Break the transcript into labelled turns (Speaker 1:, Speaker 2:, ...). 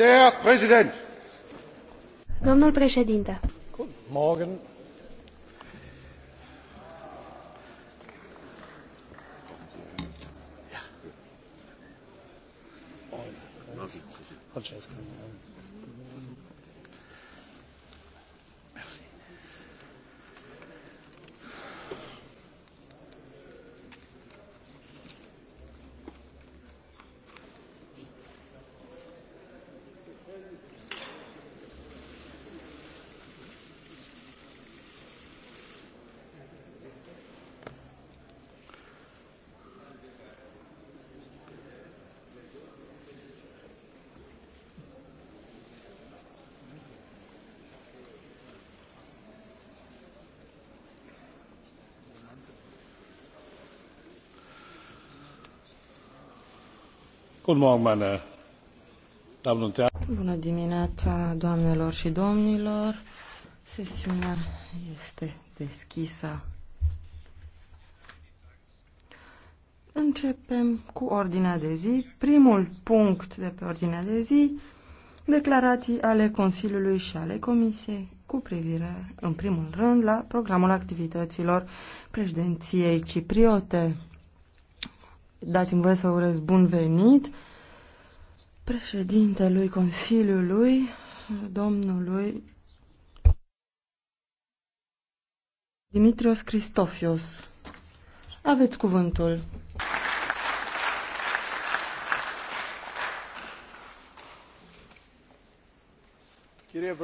Speaker 1: Der Präsident.
Speaker 2: Domnul președinte.
Speaker 1: Morgen.
Speaker 3: Bună dimineața, doamnelor și domnilor. Sesiunea este deschisă. Începem cu ordinea de zi. Primul punct de pe ordinea de zi, declarații ale Consiliului și ale Comisiei cu privire, în primul rând, la programul activităților președinției cipriote dați-mi voie să urez bun venit președintelui Consiliului, domnului Dimitrios Cristofios. Aveți cuvântul.
Speaker 1: Chirie